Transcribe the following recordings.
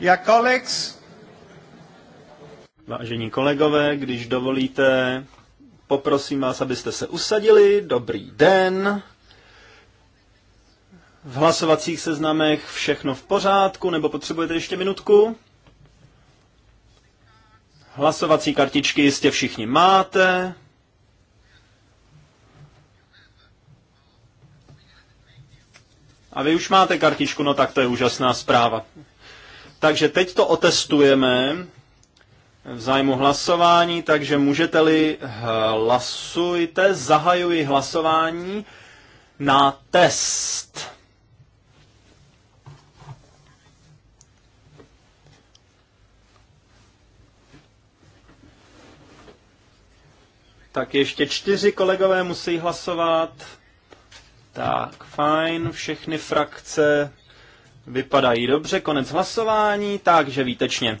Ja, colleagues. Vážení kolegové, když dovolíte, poprosím vás, abyste se usadili. Dobrý den. V hlasovacích seznamech všechno v pořádku, nebo potřebujete ještě minutku? Hlasovací kartičky jistě všichni máte. A vy už máte kartičku, no tak to je úžasná zpráva. Takže teď to otestujeme v zájmu hlasování, takže můžete-li hlasujte, zahajuji hlasování na test. Tak ještě čtyři kolegové musí hlasovat. Tak, fajn, všechny frakce Vypadají dobře, konec hlasování, takže výtečně.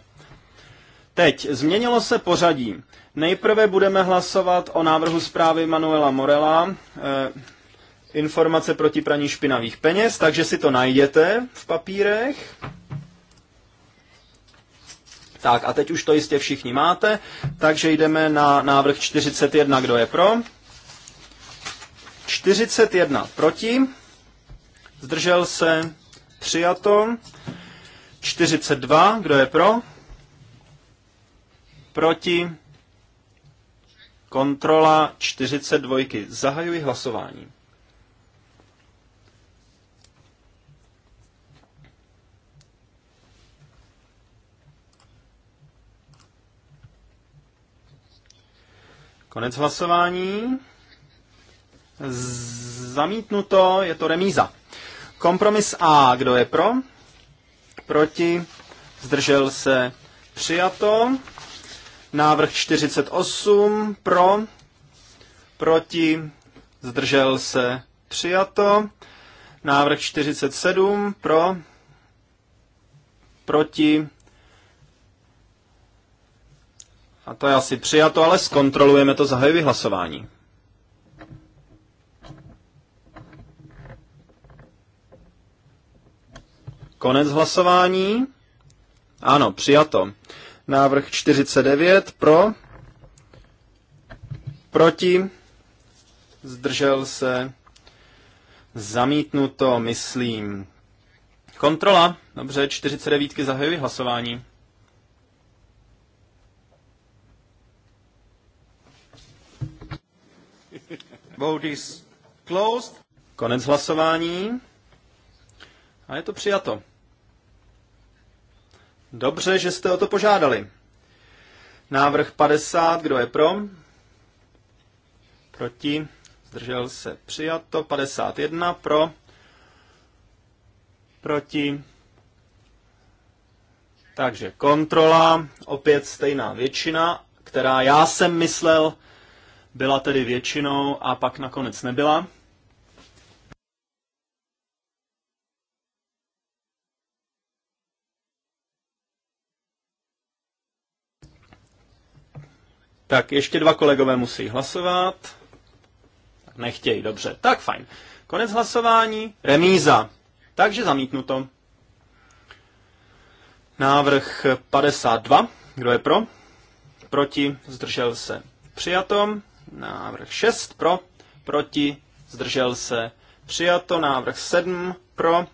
Teď změnilo se pořadí. Nejprve budeme hlasovat o návrhu zprávy Manuela Morela, eh, informace proti praní špinavých peněz, takže si to najděte v papírech. Tak a teď už to jistě všichni máte, takže jdeme na návrh 41, kdo je pro. 41 proti, zdržel se, přijato. 42, kdo je pro? Proti? Kontrola 42. Zahajuji hlasování. Konec hlasování. Zamítnuto, je to remíza. Kompromis A, kdo je pro? Proti? Zdržel se? Přijato. Návrh 48 pro, proti, zdržel se, přijato. Návrh 47 pro, proti, a to je asi přijato, ale zkontrolujeme to, zahajuji hlasování. Konec hlasování. Ano, přijato. Návrh 49 pro, proti, zdržel se, zamítnuto, myslím. Kontrola. Dobře, 49 zahajuji hlasování. Vote is closed. Konec hlasování. A je to přijato. Dobře, že jste o to požádali. Návrh 50, kdo je pro? Proti? Zdržel se přijato. 51 pro? Proti? Takže kontrola, opět stejná většina, která já jsem myslel, byla tedy většinou a pak nakonec nebyla. Tak ještě dva kolegové musí hlasovat. Nechtějí, dobře. Tak fajn. Konec hlasování. Remíza. Takže zamítnuto. Návrh 52. Kdo je pro? Proti. Zdržel se. Přijato. Návrh 6. Pro. Proti. Zdržel se. Přijato. Návrh 7. Pro.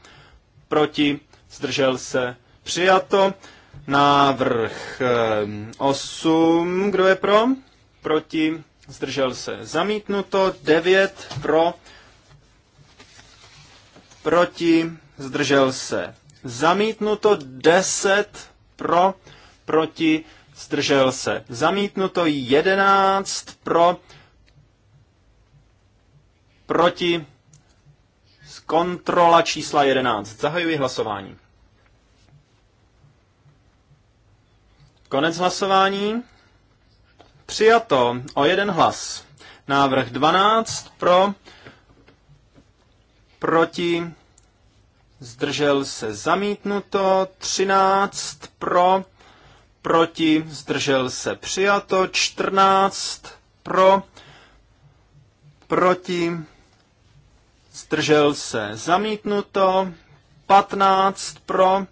Proti. Zdržel se. Přijato. Návrh 8, ehm, kdo je pro? Proti, zdržel se. Zamítnuto 9 pro, proti, zdržel se. Zamítnuto 10 pro, proti, zdržel se. Zamítnuto 11 pro, proti, kontrola čísla 11. Zahajuji hlasování. Konec hlasování. Přijato o jeden hlas. Návrh 12 pro, proti, zdržel se zamítnuto, 13 pro, proti, zdržel se přijato, 14 pro, proti, zdržel se zamítnuto, 15 pro,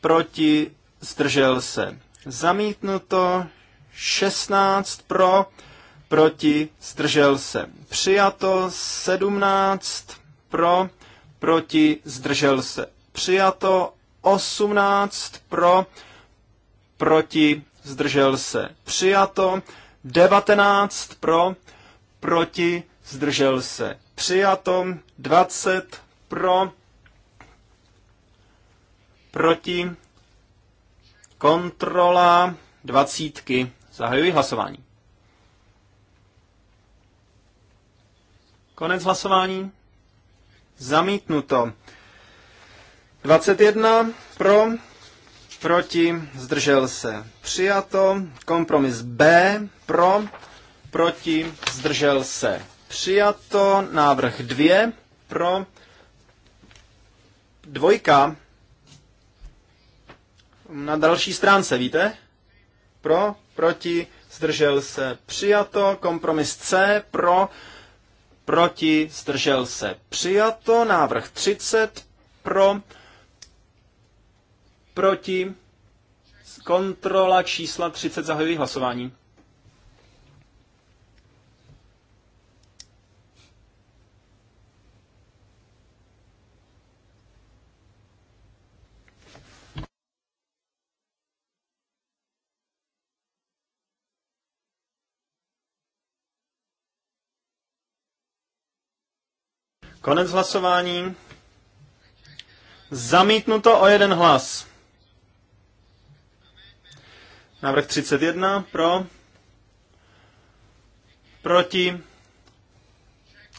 proti, zdržel se Zamítnuto 16 pro, proti, zdržel se. Přijato 17 pro, proti, zdržel se. Přijato 18 pro, proti, zdržel se. Přijato 19 pro, proti, zdržel se. Přijato 20 pro, proti, Kontrola dvacítky. Zahajuji hlasování. Konec hlasování. Zamítnuto. 21 pro, proti, zdržel se. Přijato. Kompromis B pro, proti, zdržel se. Přijato. Návrh 2 pro, dvojka na další stránce, víte? Pro, proti, zdržel se, přijato, kompromis C, pro, proti, zdržel se, přijato, návrh 30, pro, proti, kontrola čísla 30, zahajují hlasování. Konec hlasování. Zamítnuto o jeden hlas. Návrh 31 pro. Proti.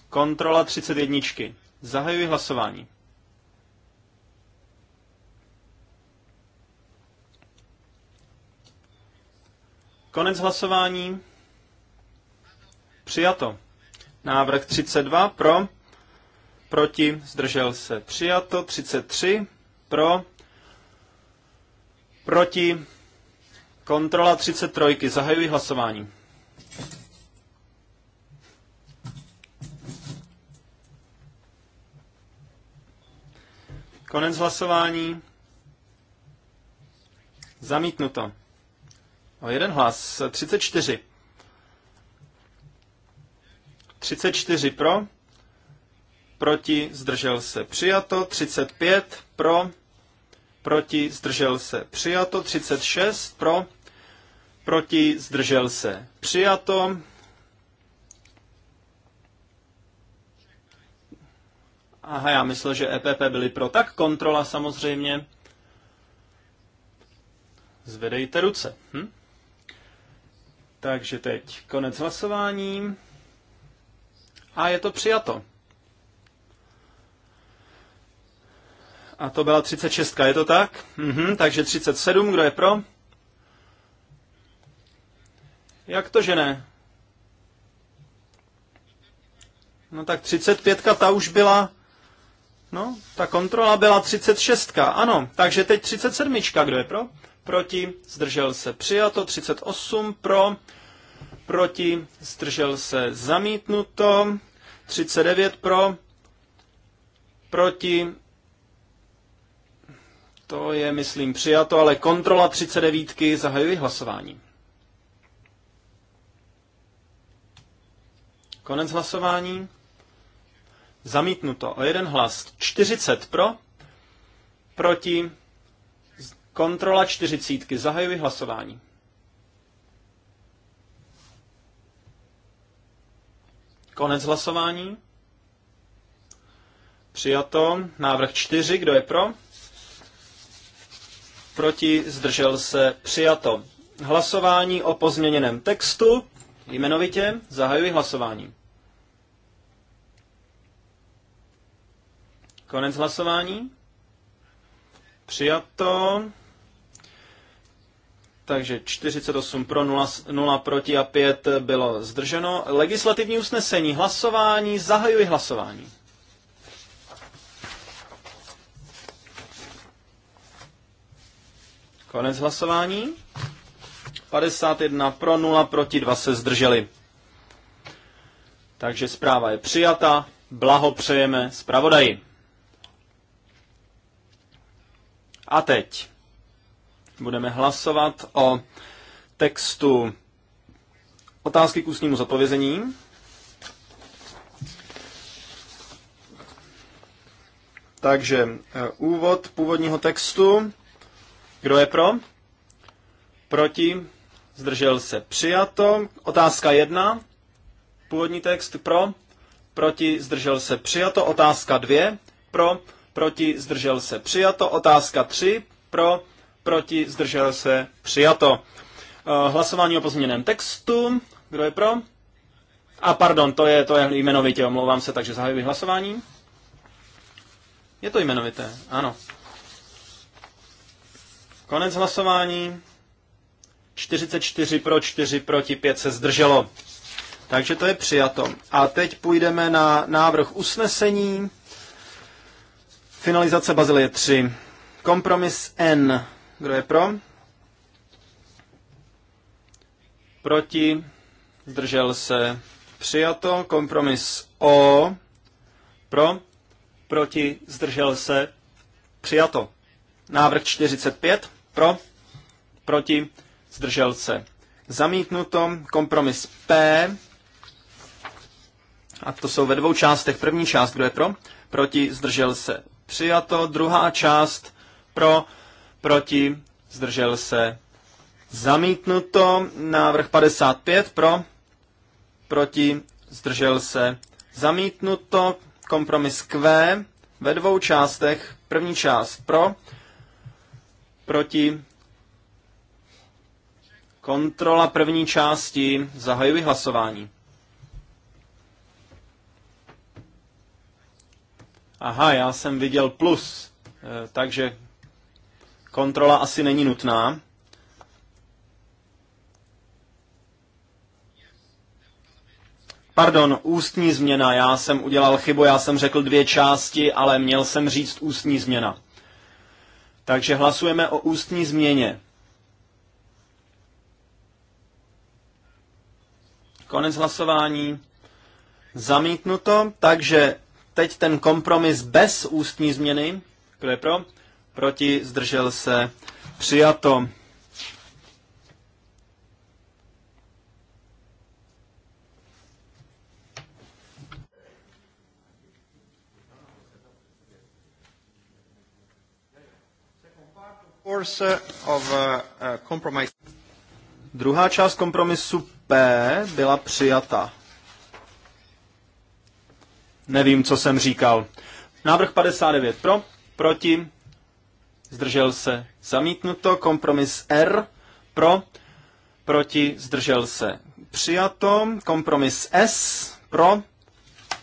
Kontrola 31. Zahajuji hlasování. Konec hlasování. Přijato. Návrh 32 pro proti, zdržel se přijato, 33 pro, proti, kontrola 33, zahajuji hlasování. Konec hlasování. Zamítnuto. O jeden hlas. 34. 34 pro proti, zdržel se, přijato, 35 pro, proti, zdržel se, přijato, 36 pro, proti, zdržel se, přijato. Aha, já myslel, že EPP byli pro. Tak kontrola samozřejmě. Zvedejte ruce. Hm? Takže teď konec hlasování. A je to přijato. A to byla 36, je to tak? Mhm, takže 37, kdo je pro? Jak to, že ne? No tak 35 ta už byla, no, ta kontrola byla 36, ano, takže teď 37, kdo je pro? Proti, zdržel se, přijato, 38 pro, proti, zdržel se, zamítnuto, 39 pro, proti, to je, myslím, přijato, ale kontrola 39. Zahajuji hlasování. Konec hlasování. Zamítnuto o jeden hlas. 40 pro, proti, kontrola 40. Zahajuji hlasování. Konec hlasování. Přijato. Návrh 4. Kdo je pro? proti, zdržel se, přijato. Hlasování o pozměněném textu, jmenovitě, zahajuji hlasování. Konec hlasování. Přijato. Takže 48 pro, 0, 0 proti a 5 bylo zdrženo. Legislativní usnesení, hlasování, zahajuji hlasování. Konec hlasování. 51 pro, 0 proti, 2 se zdrželi. Takže zpráva je přijata. Blahopřejeme zpravodaji. A teď budeme hlasovat o textu otázky k ústnímu zodpovězení. Takže eh, úvod původního textu. Kdo je pro? Proti? Zdržel se přijato. Otázka jedna. Původní text pro. Proti? Zdržel se přijato. Otázka dvě. Pro. Proti? Zdržel se přijato. Otázka tři. Pro. Proti? Zdržel se přijato. Eh, hlasování o pozměněném textu. Kdo je pro? A pardon, to je, to je jmenovitě, omlouvám se, takže zahajuji hlasování. Je to jmenovité, ano. Konec hlasování. 44 pro, 4 proti, 5 se zdrželo. Takže to je přijato. A teď půjdeme na návrh usnesení. Finalizace Bazilie 3. Kompromis N. Kdo je pro? Proti. Zdržel se. Přijato. Kompromis O. Pro. Proti. Zdržel se. Přijato. Návrh 45 pro, proti, zdržel se. Zamítnuto, kompromis P, a to jsou ve dvou částech. První část, kdo je pro, proti, zdržel se. Přijato, druhá část, pro, proti, zdržel se. Zamítnuto, návrh 55, pro, proti, zdržel se. Zamítnuto, kompromis Q, ve dvou částech. První část pro, proti. Kontrola první části. Zahajuji hlasování. Aha, já jsem viděl plus, eh, takže kontrola asi není nutná. Pardon, ústní změna. Já jsem udělal chybu, já jsem řekl dvě části, ale měl jsem říct ústní změna. Takže hlasujeme o ústní změně. Konec hlasování. Zamítnuto, takže teď ten kompromis bez ústní změny. Kdo je pro? Proti, zdržel se, přijato. Uh, uh, Druhá část kompromisu P byla přijata. Nevím, co jsem říkal. Návrh 59 pro, proti, zdržel se, zamítnuto. Kompromis R pro, proti, zdržel se, přijato. Kompromis S pro,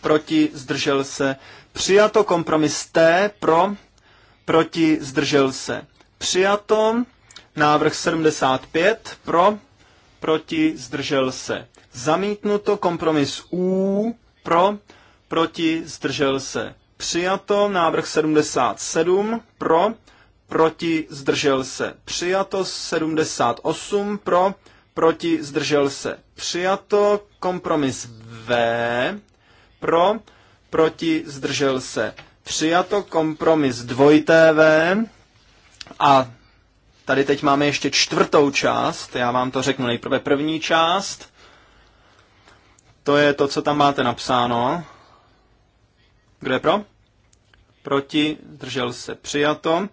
proti, zdržel se, přijato. Kompromis T pro, proti, zdržel se, Přijato. Návrh 75 pro, proti, zdržel se. Zamítnuto kompromis U pro, proti, zdržel se. Přijato. Návrh 77 pro, proti, zdržel se. Přijato. 78 pro, proti, zdržel se. Přijato. Kompromis V pro, proti, zdržel se. Přijato kompromis dvojité V, a tady teď máme ještě čtvrtou část, já vám to řeknu nejprve první část, to je to, co tam máte napsáno. Kdo je pro? Proti, držel se, přijato.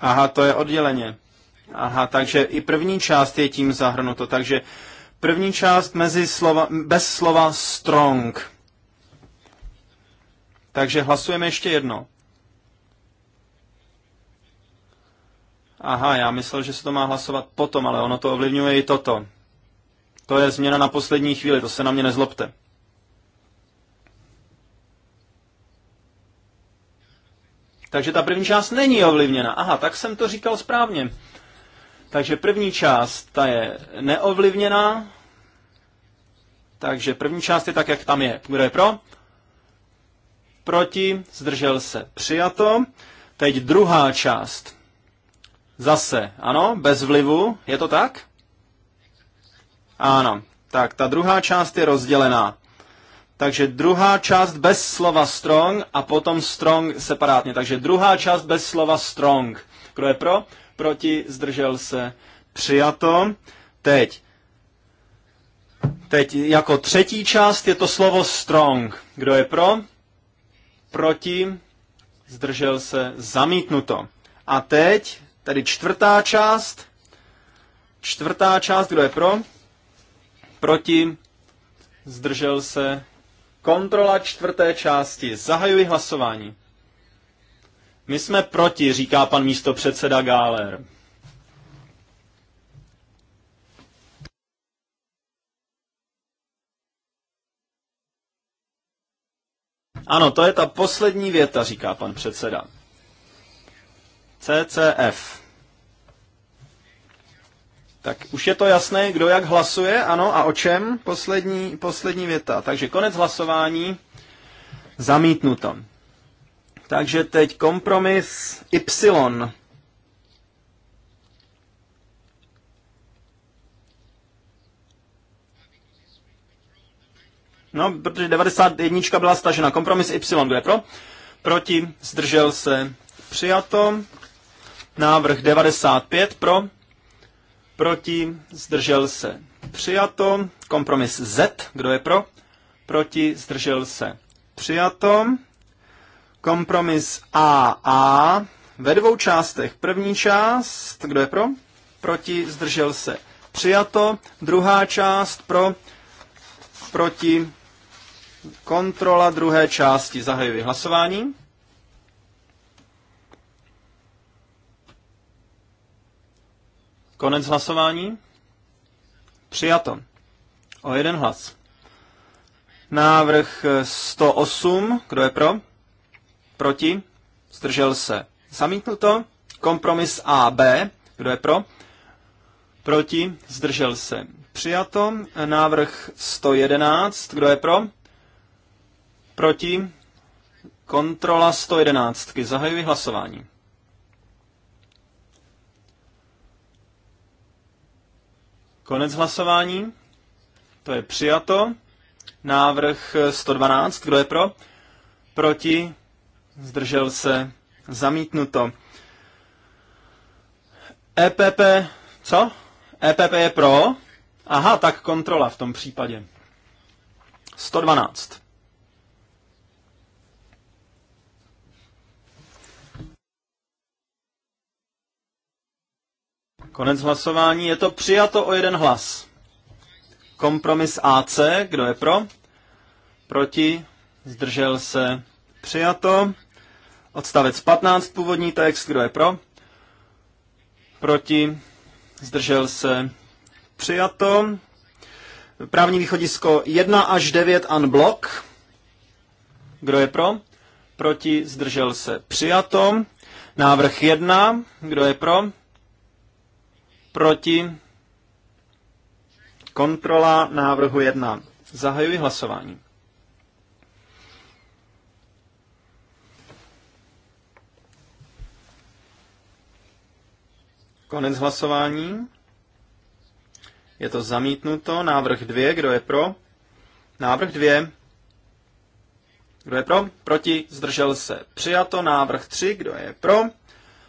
Aha, to je odděleně. Aha, takže i první část je tím zahrnuto, takže První část mezi slova, bez slova strong. Takže hlasujeme ještě jedno. Aha, já myslel, že se to má hlasovat potom, ale ono to ovlivňuje i toto. To je změna na poslední chvíli, to se na mě nezlobte. Takže ta první část není ovlivněna. Aha, tak jsem to říkal správně. Takže první část, ta je neovlivněná. Takže první část je tak, jak tam je. Kdo je pro? Proti, zdržel se, přijato. Teď druhá část. Zase, ano, bez vlivu, je to tak? Ano, tak ta druhá část je rozdělená. Takže druhá část bez slova strong a potom strong separátně. Takže druhá část bez slova strong. Kdo je pro? proti, zdržel se, přijato. Teď, teď jako třetí část je to slovo strong. Kdo je pro? Proti, zdržel se, zamítnuto. A teď, tady čtvrtá část, čtvrtá část, kdo je pro? Proti, zdržel se, kontrola čtvrté části. Zahajuji hlasování. My jsme proti, říká pan místo předseda Gáler. Ano, to je ta poslední věta, říká pan předseda. CCF. Tak už je to jasné, kdo jak hlasuje, ano, a o čem? Poslední, poslední věta. Takže konec hlasování. Zamítnuto. Takže teď kompromis Y. No, protože 91 byla stažena. Kompromis Y, kdo je pro? Proti, zdržel se, přijato. Návrh 95 pro, proti, zdržel se, přijato. Kompromis Z, kdo je pro? Proti, zdržel se, přijato. Kompromis AA ve dvou částech. První část, kdo je pro? Proti, zdržel se. Přijato. Druhá část pro, proti, kontrola druhé části. Zahajuji hlasování. Konec hlasování. Přijato. O jeden hlas. Návrh 108. Kdo je pro? Proti? Zdržel se. to Kompromis AB. Kdo je pro? Proti? Zdržel se. Přijato. Návrh 111. Kdo je pro? Proti? Kontrola 111. Zahajuji hlasování. Konec hlasování. To je přijato. Návrh 112. Kdo je pro? Proti? zdržel se, zamítnuto. EPP, co? EPP je pro? Aha, tak kontrola v tom případě. 112. Konec hlasování. Je to přijato o jeden hlas. Kompromis AC. Kdo je pro? Proti? Zdržel se. Přijato. Odstavec 15, původní text, kdo je pro? Proti? Zdržel se? Přijato. Právní východisko 1 až 9 unblock. Kdo je pro? Proti? Zdržel se? Přijato. Návrh 1, kdo je pro? Proti? Kontrola návrhu 1. Zahajuji hlasování. Konec hlasování. Je to zamítnuto. Návrh 2. Kdo je pro? Návrh 2. Kdo je pro? Proti. Zdržel se. Přijato. Návrh 3. Kdo je pro?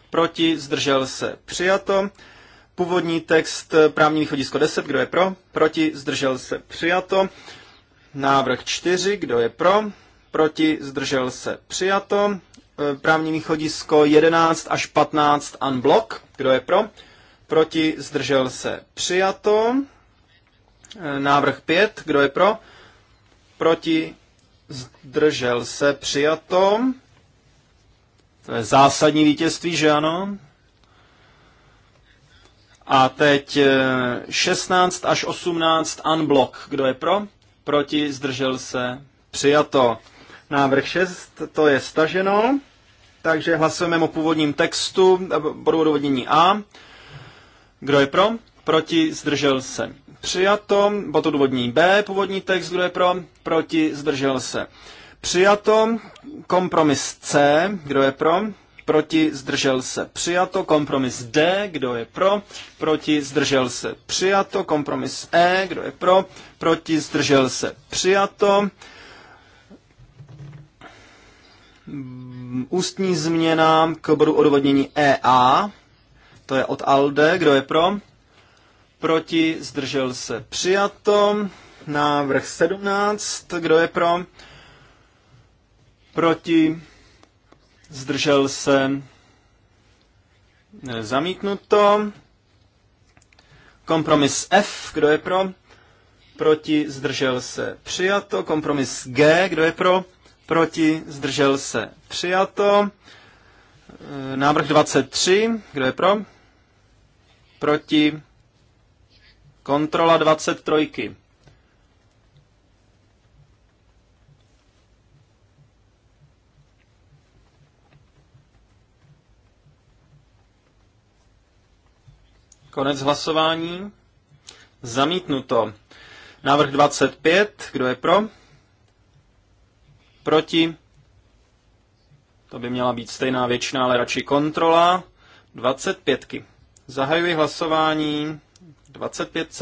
Proti. Zdržel se. Přijato. Původní text eh, právní východisko 10. Kdo je pro? Proti. Zdržel se. Přijato. Návrh 4. Kdo je pro? Proti. Zdržel se. Přijato. Eh, právní východisko 11 až 15 unblock. Kdo je pro? Proti zdržel se přijato. Eh, návrh 5. Kdo je pro? Proti zdržel se přijato. To je zásadní vítězství, že ano? A teď 16 eh, až 18 unblock. Kdo je pro? Proti zdržel se přijato. Návrh 6, to je staženo, takže hlasujeme o původním textu, bodu odvodnění A. Kdo je pro? Proti, zdržel se. Přijato, bod odvodní B, původní text, kdo je pro? Proti, zdržel se. Přijato, kompromis C, kdo je pro? proti, zdržel se, přijato, kompromis D, kdo je pro, proti, zdržel se, přijato, kompromis E, kdo je pro, proti, zdržel se, přijato, ústní změna k bodu odvodnění EA. To je od ALDE. Kdo je pro? Proti zdržel se přijato. Návrh 17. Kdo je pro? Proti zdržel se zamítnuto. Kompromis F. Kdo je pro? Proti zdržel se přijato. Kompromis G. Kdo je pro? proti, zdržel se, přijato. E, návrh 23, kdo je pro? Proti, kontrola 23. Konec hlasování. Zamítnuto. Návrh 25, kdo je pro? Proti. To by měla být stejná většina, ale radši kontrola. 25. Zahajuji hlasování. 25.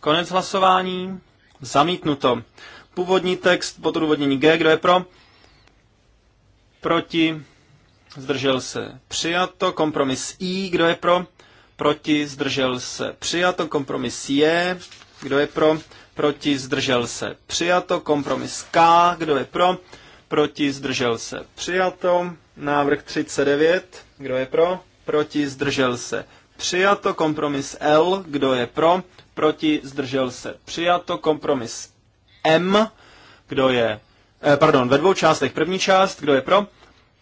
Konec hlasování. Zamítnuto. Původní text pod odůvodnění G. Kdo je pro? Proti. Zdržel se. Přijato. Kompromis I. Kdo je pro? proti, zdržel se, přijato, kompromis je, kdo je pro, proti, zdržel se, přijato, kompromis K, kdo je pro, proti, zdržel se, přijato, návrh 39, kdo je pro, proti, zdržel se, přijato, kompromis L, kdo je pro, proti, zdržel se, přijato, kompromis M, kdo je, eh, pardon, ve dvou částech, první část, kdo je pro,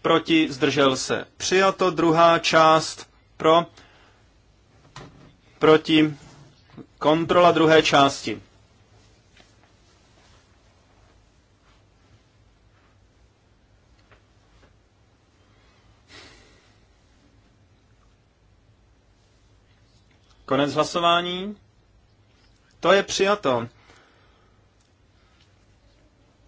proti, zdržel se, přijato, druhá část, pro, proti, kontrola druhé části. Konec hlasování. To je přijato.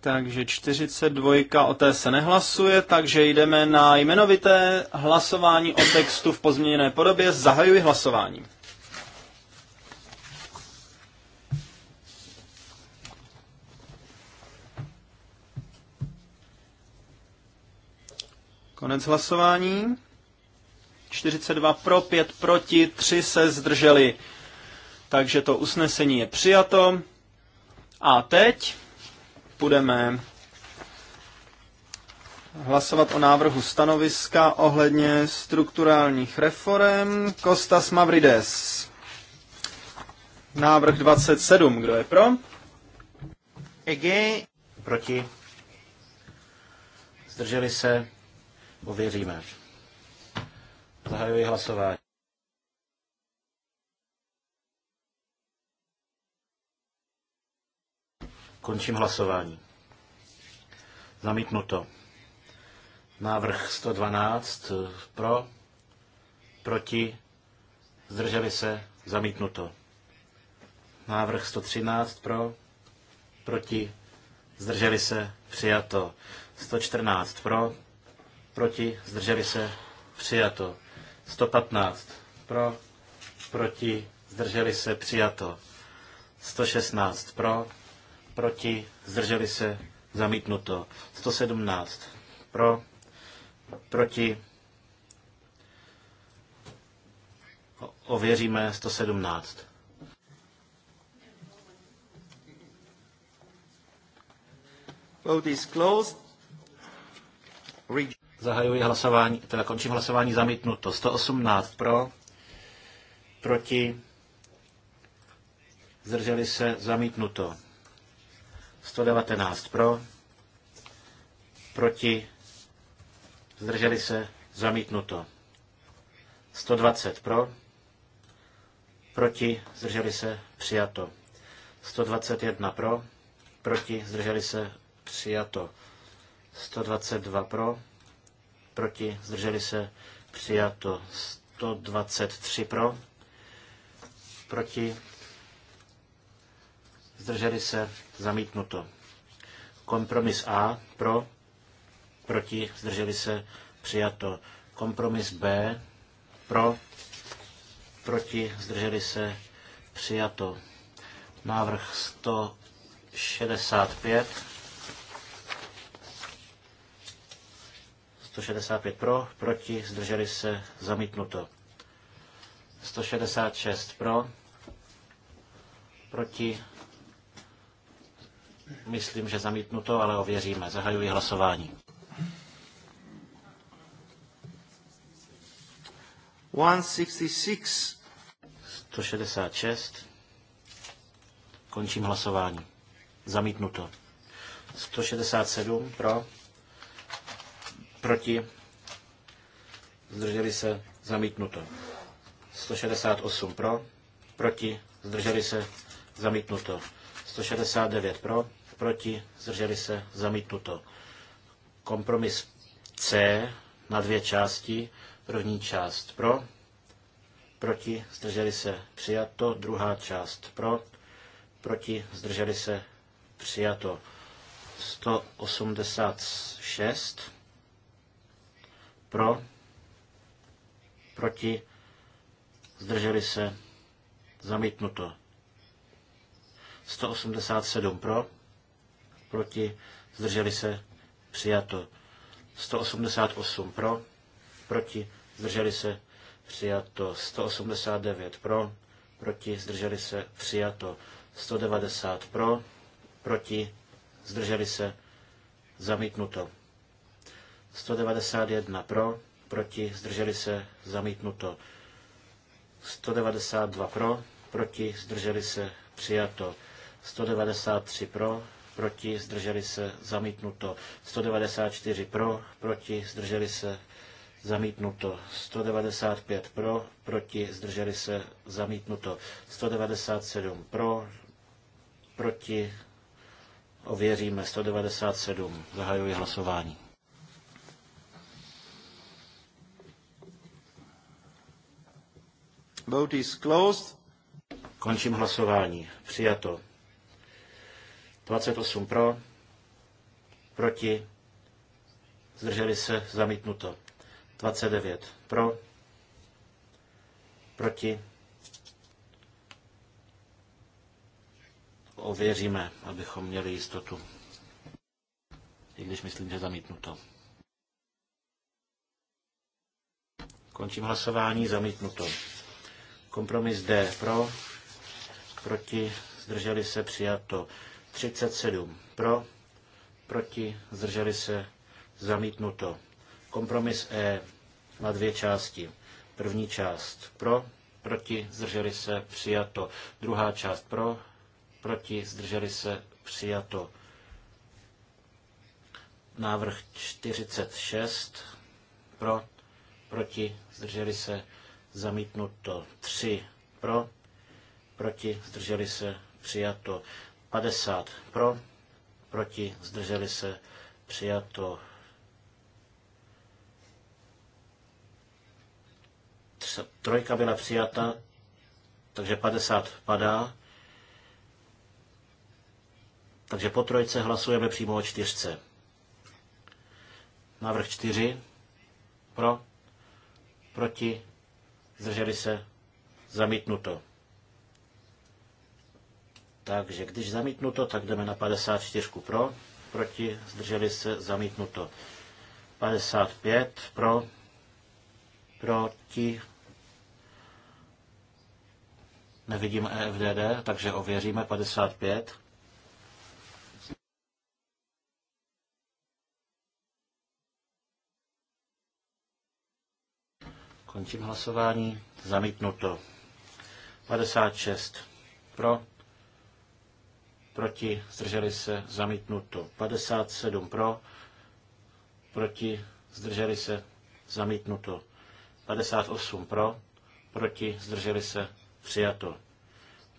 Takže 42 o té se nehlasuje, takže jdeme na jmenovité hlasování o textu v pozměněné podobě. Zahajuji hlasování. Konec hlasování. 42 pro, 5 proti, 3 se zdrželi. Takže to usnesení je přijato. A teď budeme hlasovat o návrhu stanoviska ohledně strukturálních reform. Kostas Mavrides. Návrh 27. Kdo je pro? Ege. Proti. Zdrželi se. Ověříme. Zahajuji hlasování. Končím hlasování. Zamítnuto. Návrh 112 pro, proti, zdrželi se, zamítnuto. Návrh 113 pro, proti, zdrželi se, přijato. 114 pro, proti, zdrželi se, přijato. 115 pro, proti, zdrželi se, přijato. 116 pro, proti, zdrželi se, zamítnuto. 117 pro, proti, ověříme 117. Vote is closed. Zahajuji hlasování, teda končím hlasování zamítnuto. 118 pro, proti, zdrželi se zamítnuto. 119 pro, proti, zdrželi se zamítnuto. 120 pro, proti, zdrželi se přijato. 121 pro, proti, zdrželi se přijato. 122 pro, proti, zdrželi se, přijato 123 pro, proti, zdrželi se, zamítnuto. Kompromis A pro, proti, zdrželi se, přijato. Kompromis B pro, proti, zdrželi se, přijato. Návrh 165 165 pro, proti, zdrželi se, zamítnuto. 166 pro, proti, myslím, že zamítnuto, ale ověříme. Zahajuji hlasování. 166. 166. Končím hlasování. Zamítnuto. 167 pro Proti? Zdrželi se? Zamítnuto. 168 pro? Proti? Zdrželi se? Zamítnuto. 169 pro? Proti? Zdrželi se? Zamítnuto. Kompromis C na dvě části. První část pro? Proti? Zdrželi se? Přijato. Druhá část pro? Proti? Zdrželi se? Přijato. 186 pro? Proti? Zdrželi se? Zamítnuto. 187 pro? Proti? Zdrželi se? Přijato. 188 pro? Proti? Zdrželi se? Přijato. 189 pro? Proti? Zdrželi se? Přijato. 190 pro? Proti? Zdrželi se? Zamítnuto. 191 pro, proti, zdrželi se, zamítnuto. 192 pro, proti, zdrželi se, přijato. 193 pro, proti, zdrželi se, zamítnuto. 194 pro, proti, zdrželi se, zamítnuto. 195 pro, proti, zdrželi se, zamítnuto. 197 pro, proti, ověříme 197. Zahajuji hlasování. Vote is closed. Končím hlasování. Přijato. 28 pro, proti, zdrželi se, zamítnuto. 29 pro, proti, ověříme, abychom měli jistotu. I když myslím, že zamítnuto. Končím hlasování, zamítnuto. Kompromis D pro, proti, zdrželi se přijato 37 pro, proti, zdrželi se zamítnuto. Kompromis E na dvě části. První část pro, proti, zdrželi se přijato. Druhá část pro, proti, zdrželi se přijato. Návrh 46 pro, proti, zdrželi se zamítnuto 3 pro, proti, zdrželi se, přijato 50 pro, proti, zdrželi se, přijato 3 byla přijata, takže 50 padá. Takže po trojce hlasujeme přímo o čtyřce. Návrh čtyři. pro, proti, zdrželi se, zamítnuto. Takže když zamítnuto, tak jdeme na 54 pro, proti, zdrželi se, zamítnuto. 55 pro, proti, nevidím EFDD, takže ověříme 55. Končím hlasování. Zamítnuto. 56 pro, proti, zdrželi se, zamítnuto. 57 pro, proti, zdrželi se, zamítnuto. 58 pro, proti, zdrželi se, přijato.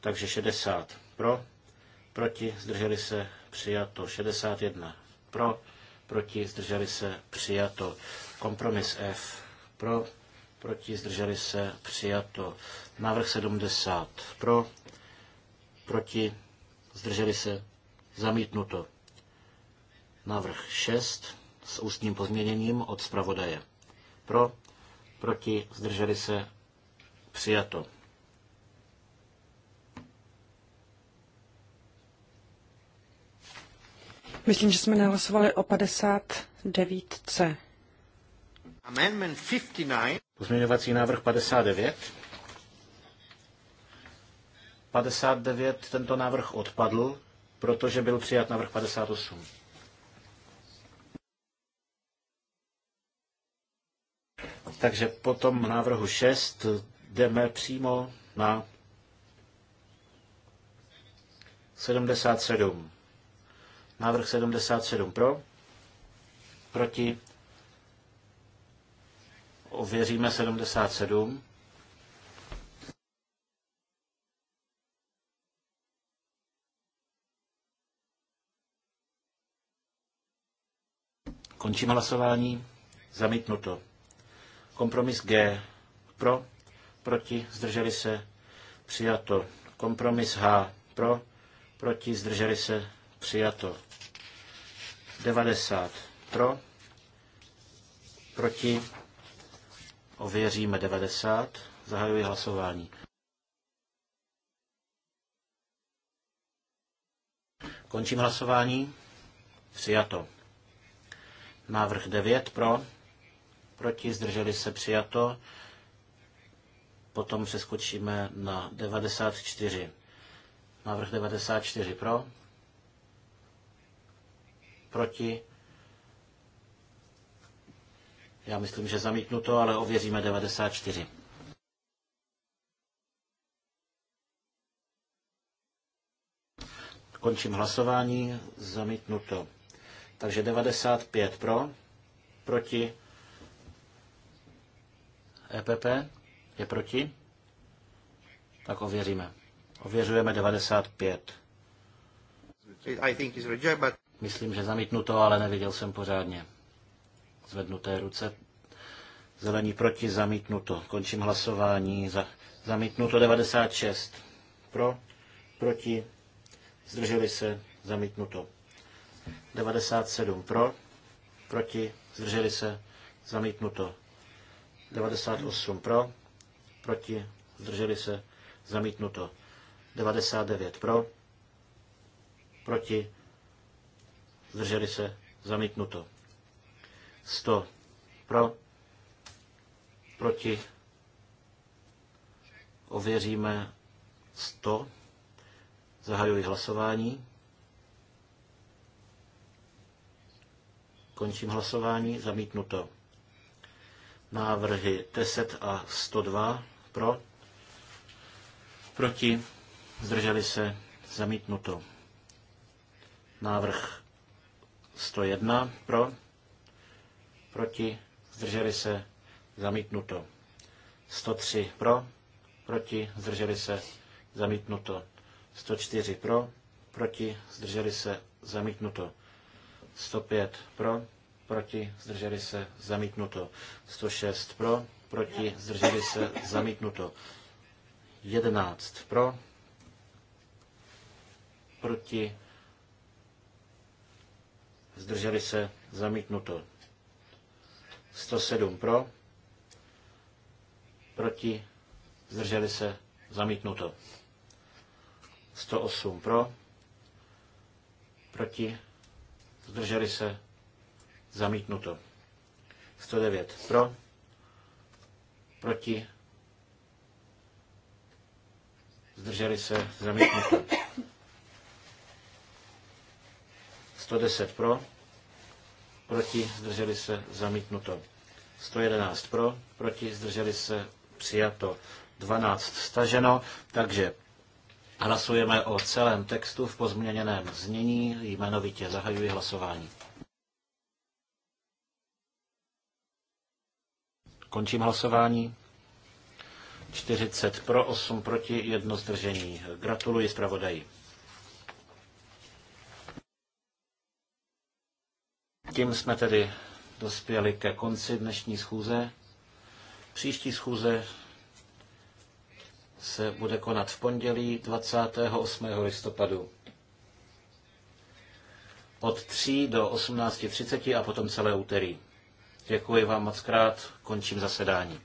Takže 60 pro, proti, zdrželi se, přijato. 61 pro, proti, zdrželi se, přijato. Kompromis F pro, proti, zdrželi se, přijato. Návrh 70 pro, proti, zdrželi se, zamítnuto. Návrh 6 s ústním pozměněním od zpravodaje. Pro, proti, zdrželi se, přijato. Myslím, že jsme nehlasovali o 59C. Amendment 59. Pozměňovací návrh 59. 59 tento návrh odpadl, protože byl přijat návrh 58. Takže po tom návrhu 6 jdeme přímo na 77. Návrh 77 pro, proti, Ověříme 77. Končím hlasování. Zamítnuto. Kompromis G. Pro. Proti. Zdrželi se. Přijato. Kompromis H. Pro. Proti. Zdrželi se. Přijato. 90. Pro. Proti. Ověříme 90. Zahajuji hlasování. Končím hlasování. Přijato. Návrh 9 pro. Proti zdrželi se přijato. Potom přeskočíme na 94. Návrh 94 pro. Proti já myslím, že zamítnuto, ale ověříme 94. Končím hlasování, zamítnuto. Takže 95 pro, proti, EPP je proti, tak ověříme. Ověřujeme 95. Myslím, že zamítnuto, ale neviděl jsem pořádně zvednuté ruce. Zelení proti, zamítnuto. Končím hlasování. Za, zamítnuto 96. Pro, proti, zdrželi se, zamítnuto. 97 pro, proti, zdrželi se, zamítnuto. 98 pro, proti, zdrželi se, zamítnuto. 99 pro, proti, zdrželi se, zamítnuto. 100 pro, proti, ověříme 100, zahajuji hlasování, končím hlasování, zamítnuto. Návrhy 10 a 102 pro, proti, zdrželi se, zamítnuto. Návrh 101 pro, proti, zdrželi se, zamítnuto. 103 pro, proti, zdrželi se, zamítnuto. 104 pro, proti, zdrželi se, zamítnuto. 105 pro, proti, zdrželi se, zamítnuto. 106 pro, proti, zdrželi se, zamítnuto. 11 pro, proti, zdrželi se, zamítnuto. 107 pro, proti, zdrželi se, zamítnuto. 108 pro, proti, zdrželi se, zamítnuto. 109 pro, proti, zdrželi se, zamítnuto. 110 pro, proti, zdrželi se, zamítnuto. 111 pro, proti, zdrželi se, přijato. 12 staženo, takže hlasujeme o celém textu v pozměněném znění, jmenovitě zahajuji hlasování. Končím hlasování. 40 pro, 8 proti, jedno zdržení. Gratuluji zpravodaji. Tím jsme tedy dospěli ke konci dnešní schůze. Příští schůze se bude konat v pondělí 28. listopadu od 3 do 18.30 a potom celé úterý. Děkuji vám moc krát, končím zasedání.